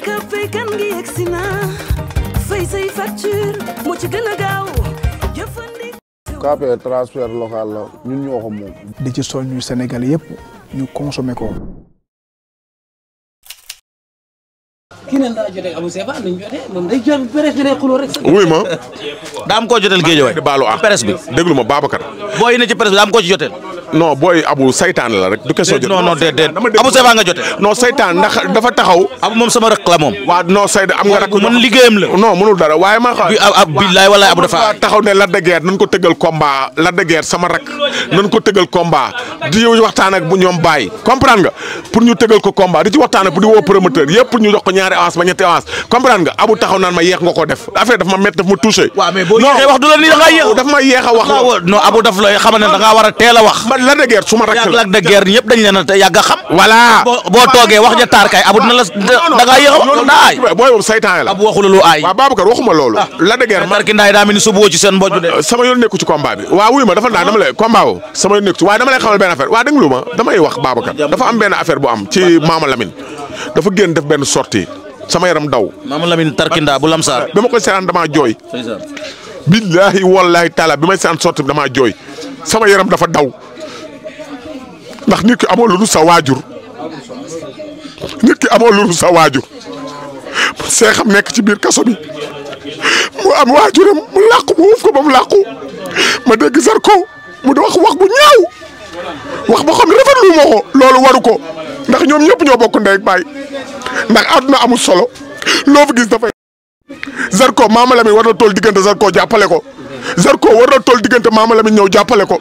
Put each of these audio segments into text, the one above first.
kër fay local la ñu ñoo moom. di ci soñ ñu Sénégal yëpp ñu consomé ko. kii nañ laa am koo joteel géej waay baalu ah presse bi. déglu ma Babacar. booy ci presse bi daa am koo ci joteel. non booy abu saytaan la rek. du question jot non non déedéet abu sa nga jote dafa taxaw. abu moom sama rëq la moom. waaw non dafa taxaw ne Lac de Guiers ko tëggal combat Lac de Guiers sama rak nañ ko tëggal combat di waxtaan ak bu ñoom bàyyi comprendre nga pour ñu tëggal ko combat di ci waxtaan ak bu di woo promoteur yëpp ñu jox ñaari avance ba ñetti avance comprendre nga abu taxaw naan ma yeex nga ko def affaire dafa ma métti dafa ma touché. waaw dafa ma yéex a wax. non a a Lac de Guiers ma rakk la Lac de Guiers yëpp dañ leen a yàgg a xam. voilà boo toogee wax ja taar kay abut na la da yéex a daa aay. booy boobu saytaan la ab waxu la lu aay. waaw Babacar waxuma loolu. Ah. Lac de ma man ndaay daa mel ni subu ci seen mbojj de. Ah, sama yoon nekku ci combat bi waaw wuy ma dafa naan dama lay combat wo sama yoon nekku ci waaye dama lay xamal benn affaire waaw ma damay wax Babacar dafa am benn affaire bu am ci Mama Lamine dafa génn def benn sortie sama yaram daw. Mama ma koy seetaan damaa jooy. billaahi jooy sama yaram dafa daw ndax nit ki amoon lu dul sa waajur nit ki amoon lu dul sa waajur seexam nekk ci biir kaso mu am waajuram mu làqu mu wuuf ko ba mu làqu ma dégg Zarko mu di wax wax bu ñaaw wax ba xam rafetlu moo ko loolu waru ko ndax ñoom ñëpp ñoo bokk ndey baay ndax àdduna amul solo loo fi gis dafay. Zarko Mama Lamine war na toll diggante Zarko jàppale ko Zarko war na toll diggante Mama Lamine ñëw jàppale ko.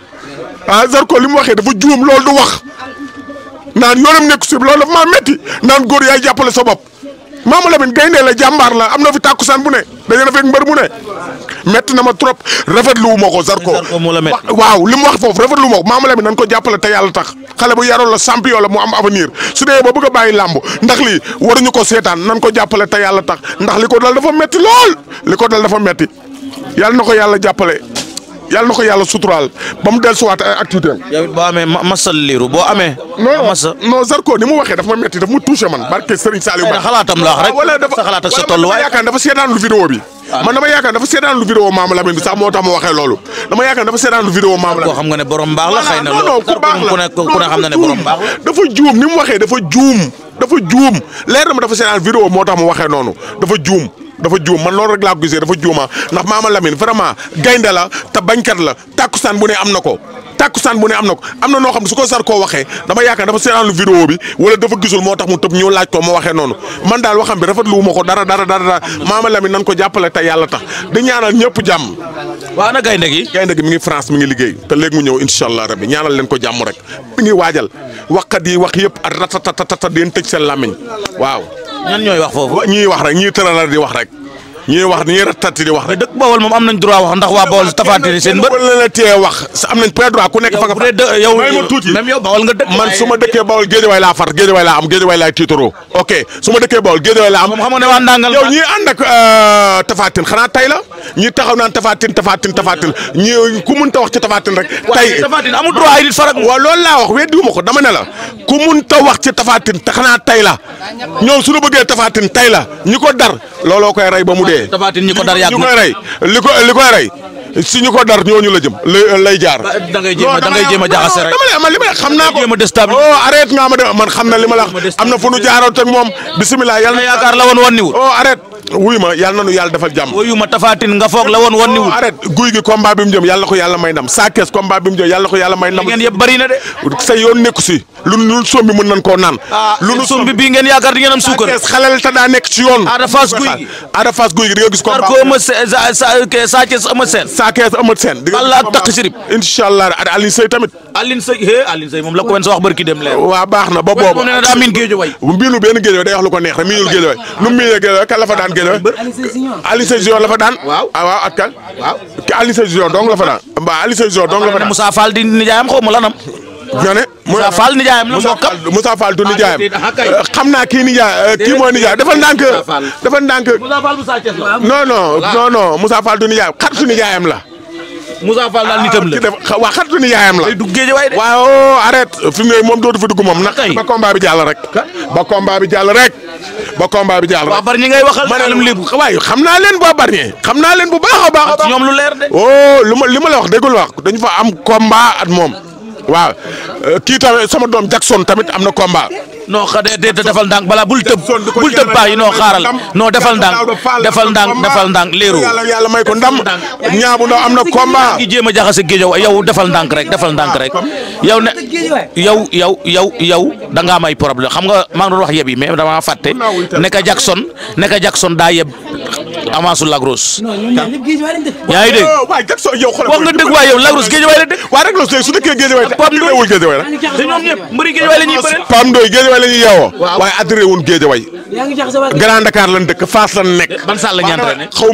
ah Zarko li mu waxee dafa juum loolu du wax naan yoonam nekk si loolu dafa maa métti naan góor yaay jàppale sa bopp Maama Lamine gaynde la jàmbaar la am na fi tàkkusaan bu ne dañu na fekk mbër bu ne métti na ma trop rafetlu wu ma ko Zarko waaw li mu wax foofu rafetlu wu ma ko Maama Lamine nañ ko jàppale te yàlla tax xale bu yaroon la champion la am avenir bàyyi làmb ndax lii waruñu ko seetaan nañ ko jàppale te yàlla tax ndax li ko dal dafa métti lool li ko dal dafa métti yàlla na ko yàlla jàppale yàlla na ko yàlla suturaal ba mu dellusiwaat ay activité am. yow boo amee masal liiru boo amee. masa non non Zarko ni mu waxee dafa ma metti dafa ma touché man. barke Serigne Saliou Mbacké eh, xalaatam la wax rek. Ah, dafa sa xalaat ak sa tolluwaay yaakaar dafa seetaan lu ah. dafa seetaan lu vidéo Mame Lamine bi sax moo tax ma waxee loolu dama yaakaar dafa seetaan lu vidéo Mame Lamine. koo xam nga ne borom baax la xëy na loolu ku baax la ku ne xam na ne borom baax la. dafa juum ni mu waxee dafa juum leer na ma dafa seetaan vidéo moo tax ma waxee noonu dafa juum dafa juum man loolu rek laa ko gisee dafa juuma ndax Maama Lamine vraiment gaynde la te bañkat la tàkkusaan bu ne am na ko tàkkusaan bu ne am na ko am na noo xam ko sar koo waxee dama yaakaar dafa seetaan lu vidéo bi wala dafa gisul moo tax mu laaj ko ma waxee noonu man daal waxam bi rafetluwuma ko dara dara dara Maama Lamine nan ko jàppale te yàlla tax di ñaanal ñëpp jàmm. waa na gaynde gi gaynde gi mi ngi France mi ngi liggéey te léegi mu ñëw incha allah rabbi ñaanal leen ko jàmm rek mi ngi waajal waxkat yi wax yëpp at ratatata den tëj seen làmmiñ waaw ñan ñooy wax foofu. ñuy wax rek ñuy tëralal di wax rek. ñuy wax ñuy rattati di wax rek. dëkk Bawol moom am nañ droit wax ndax waa Bawol tafaatiri seen bët. wala la tee wax sa am nañ plein droit ku nekk fa nga. bu dee yow même yow Bawol nga dëkk. man su ma dëkkee Bawol géejewaay laa far géejewaay laa am géejewaay laay tiitaroo ok su ma dëkkee Bawol géejewaay laa am. xam nga ne waa Ndangal yow ñii ànd ak euh, tafaatin xanaa tay la ñii taxaw naan tafaatin tafaatin tafaatin ñii ku mun ta wax ci tafaatin rek. tay tafaatin amul droit ay nit farak. waaw loolu laa wax weddiwuma ko dama ne la ku mun ta wax ci tafaatin te xanaa tay la ñoom su ñu bëggee tafaatin tay la ñi ko dar looloo koy rey ba mu dee reyee. tafaatin ñi ko dar yàgg ñu koy rey li ko li koy rey si ñu ko dar ñooñu la jëm lay lay jaar. da ah, jéem a da ngay jéem a jaxase rek dama li ma la xam naa ko oh arrête nga ma de man xam na li ma la am na fu nu jaaroon teg moom bisimilah yàlla na yaakaar la woon woon ni wut oh arrête wuyu ma yàlla nanu yàlla defal jàmm wuyu ma tafaatin nga foog la woon oh, woon ni guy gi combat bi mu jëm yàlla ko yàlla may ndam saa kees combat bi mu jëm yàlla ko yàlla may ndam ngeen yëpp bari na de sa lu lu sombi mën nañ koo naan. Ah, lu nu sombi bii ngeen yaakaar di ngeen am suukar. xalal ta daa nekk ci yoon. Ada Fass guy gi Ada gis. combat Zarko Eumeu Sène Sa Thiès Eumeu Sène. Sa Thiès Eumeu Sène. di nga gis ak takk tamit. Alioune Seye hee Alioune Seye moom la wax barki dem leer. waaw baax na ba boobu moom nee na daa miin géej way. miinu benn géej way day way nu mu miinee géej way kan daan géej way. Alioune Seye Junior la fa daan. waaw ah waaw ak kan. waaw Alioune daan. waaw nga ne. Moussa Fall nijaayam la mbokkam Moussa du nijaayam ah, xam naa kii nijaay euh, kii mooy nijaay dafa ndànk dafa ndànk. Sa Thiès la. non non non non Moussa Fall du nijaayam xaritu nijaayam la. Moussa Fall daal nitam la ah, waaw xaritu nijaayam la. day dugg géej fi moom dootu fi dugg moom nag. ba combat bi jàll rek. ba combat bi jàll rek. ba combat bi jàll rek. waa Bargny ngay waxal ma ne li waaye xam naa leen boo Bargny xam naa leen bu baax a baax. lu leer de. Oh, ma li ma la wax déggul wax dañu fa am combat at moom waaw kii tamit sama doom Jackson tamit am na combat. non xa de defal ndànk bala bul tëb bul tëb paa yi noo xaaral noo defal ndànk defal ndànk defal ndànk léeroo. yàlla may ko ndam ñaabu ndaw am na combat. ki jéem a jaxase géejaw yow defal ndànk rek defal ndànk rek yow ne yow yow yow yow da ngaa may problème xam nga maa ngi doon wax yeb yi mais damaa fàtte ne ka Jackson ne ka Jackson daa yeb avance su Lagros. non ñoom ñaar ñëpp géej waay lañ dëkk. yaa ngi dégg oh, waay Jackson yow xoolal wax nga la dëkk. waaw Lagros su dëkkee géej la. te ñoom ñëpp mbëri géej waay la ñuy bëreel. Pam Ndoy géej la ñuy yeewoo. waaye attiré wul géej waay. Grand Dakar lañ dëkk Fass lañ nekk. ban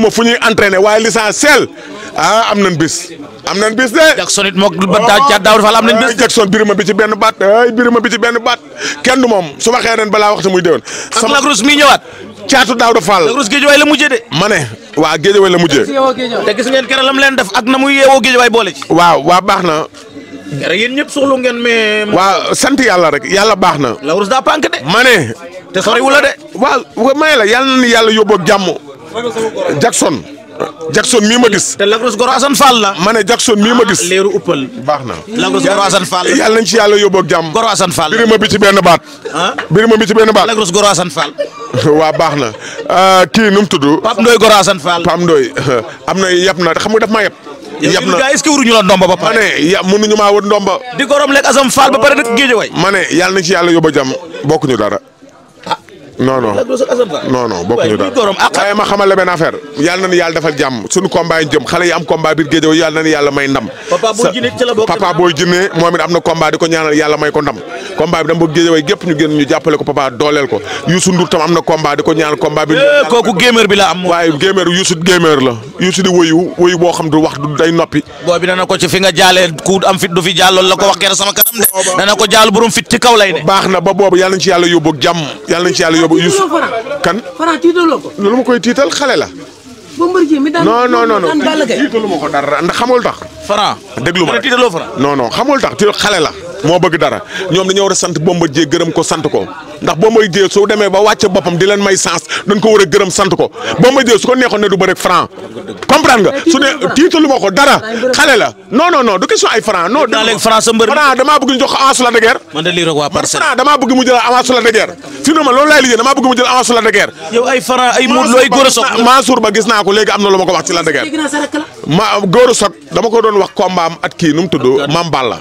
ma fu ñuy entraîné waaye l'essentiel ah am nañ bis am nañ bis de. Jackson it moog ba daa daaw dafa am nañ bis. Jackson birima bi ci benn baat ay birima bi ci benn baat kenn du moom su ma xëyee ren balaa waxtu muy déwén. sama Lac Rose mi ñëwaat. caatu daaw dafa àll. Lac Rose géejewaay la mujjee de. ma ne waa géejewaay la mujjee. te gis ngeen keroog lam leen def ak na muy yeewoo géejewaay boole ci. waaw waa baax na. keroog yéen ñëpp soxlu ngeen mais. waaw sant yàlla rek yàlla baax na. Lac Rose daa ma ne. te soriwul la de. waaw may la yàlla na yàlla yóbboo ak jàmm Jackson Jackson mii ma gis. te Lagros Goro Assane Fall la. ma ne Jackson mii ma ah, gis leeru baax na Lagros Goro yàlla nañ ci yàlla yóbboo ak jàmm. Goro Assane Fall la birima bi ci benn baat. Ah? birima bi waa baax na ah, kii nu mu tudd. Pape Ndoye Goro Assane Fall. Pape Ndoye am na yab na xam nga daf maa yab. yab na est-ce que wuruñu la ndomba ba pare. ma ne ya mënuñu maa wër di gorom lekk Assane Fall ba pare nag géej way. ma ne yàlla nañ ci yàlla jam jàmm ñu dara non non non non bokkuñu daal waaye ma xamal la benn affaire yàlla na ni yàlla defal jàmm suñu combat yi jëm xale yi am combat biir géej yàlla na ni yàlla may ndam. papa booy jinne moom it am na combat ko yàlla may ko ndam combat bi gépp ñu jàppale ko papa dooleel ko Youssou Ndour am na combat ko ñaanal combat bi eh, kooku gémér bi la am waaye gémér Youssou gémér la Youssou di wëyu boo xam du wax day noppi boo bi dana ko ci fi nga jaalee ku am fit du fi jaal loolu ko wax keroog sama kanam borom fit ci kaw lay ne baax na ba boobu yàlla nañ ci yàlla la bu Youssou kan Franc tiitaloo ko lu ma koy tiital xale la Bombardier mi daan no non non ko dara ndax xamul tax Franc déglu ma non non xamul tax tiital xale la moo bëgg dara ñoom dañoo war a sant Bombardier gërëm ko sant ko ndax Bombardier su demee ba wàcce boppam di leen may sens dañ ko war a gërëm sant ko Bombardier su ko neexoon ne du bëre franc comprendre nga su ne tiitalu ko dara xale la non non non du question ay franc non franc damaa bëgg jox ko avance la de guerre man de lii rek mu jël avance a de guerre fi mu ne ma loolu laay liggéey damaa bëgg mu jël avance a soog Mansour ba gis naa ko léegi am na lu ma ko wax ci la de ma góor a soog dama ko doon wax combat am at kii nu mu tudd Mamballa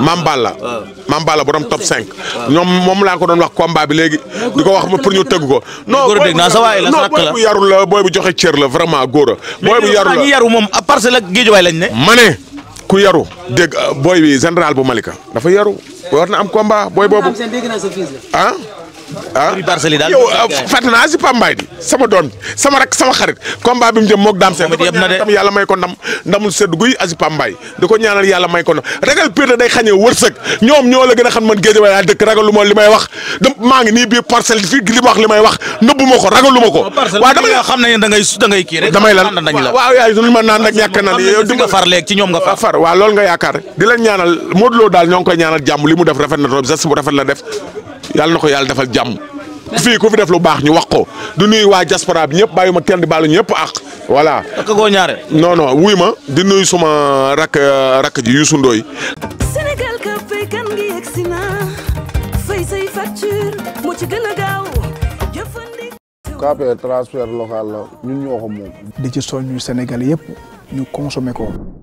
Mame Balla Mame Balla borom top 5. ñoom moom laa ko doon wax combat bi léegi. di ko wax pour ñu tëgg ko. non booy bu yarul la booy bu joxe cër la vraiment góor a. booy bu yarul la mais yaru moom à lañ ne. ma ne ku yaru dégg booy bi général bu Malika dafa yaru war na am combat booy boobu. ah. ah yow ah, fàtte naa si Pambaay di sama doom sama rak sama xarit combat bi mu jëm moog daam yàlla may ko ndam sedd guy asi Pambaay ko ñaanal yàlla may ko ragal pire day xañee wërsëg ñoom ñoo la gën a xam man géej waaye dëkk ragal lu li may wax da nii biir parcelle fii li ma wax li may wax nëbbu ma ko ragal lu ma ko waaw dama la xam ne da ngay da ngay kii rek damay lan waaw yaay lu ma naan nag ñàkk naan yow di nga far léegi ci ñoom nga far waaw loolu nga yaakaar di leen ñaanal Modou li mu def rafet na trop geste bu yàlla na ko yàlla defal jàmm fii ku fi def lu baax ñu wax ko du nuyu waa diaspora bi ñëpp bàyyi ma kenn di baalu ñëpp ak voilà. ak goo ñaare. non non wuy ma di nuyu suma rakk rakk ji Youssou Ndoye. Sénégal ci gën a gaaw jëfandikoo. transfert local la ñun ñoo moom. di ci soññu Sénégal yëpp ñu consommé ko.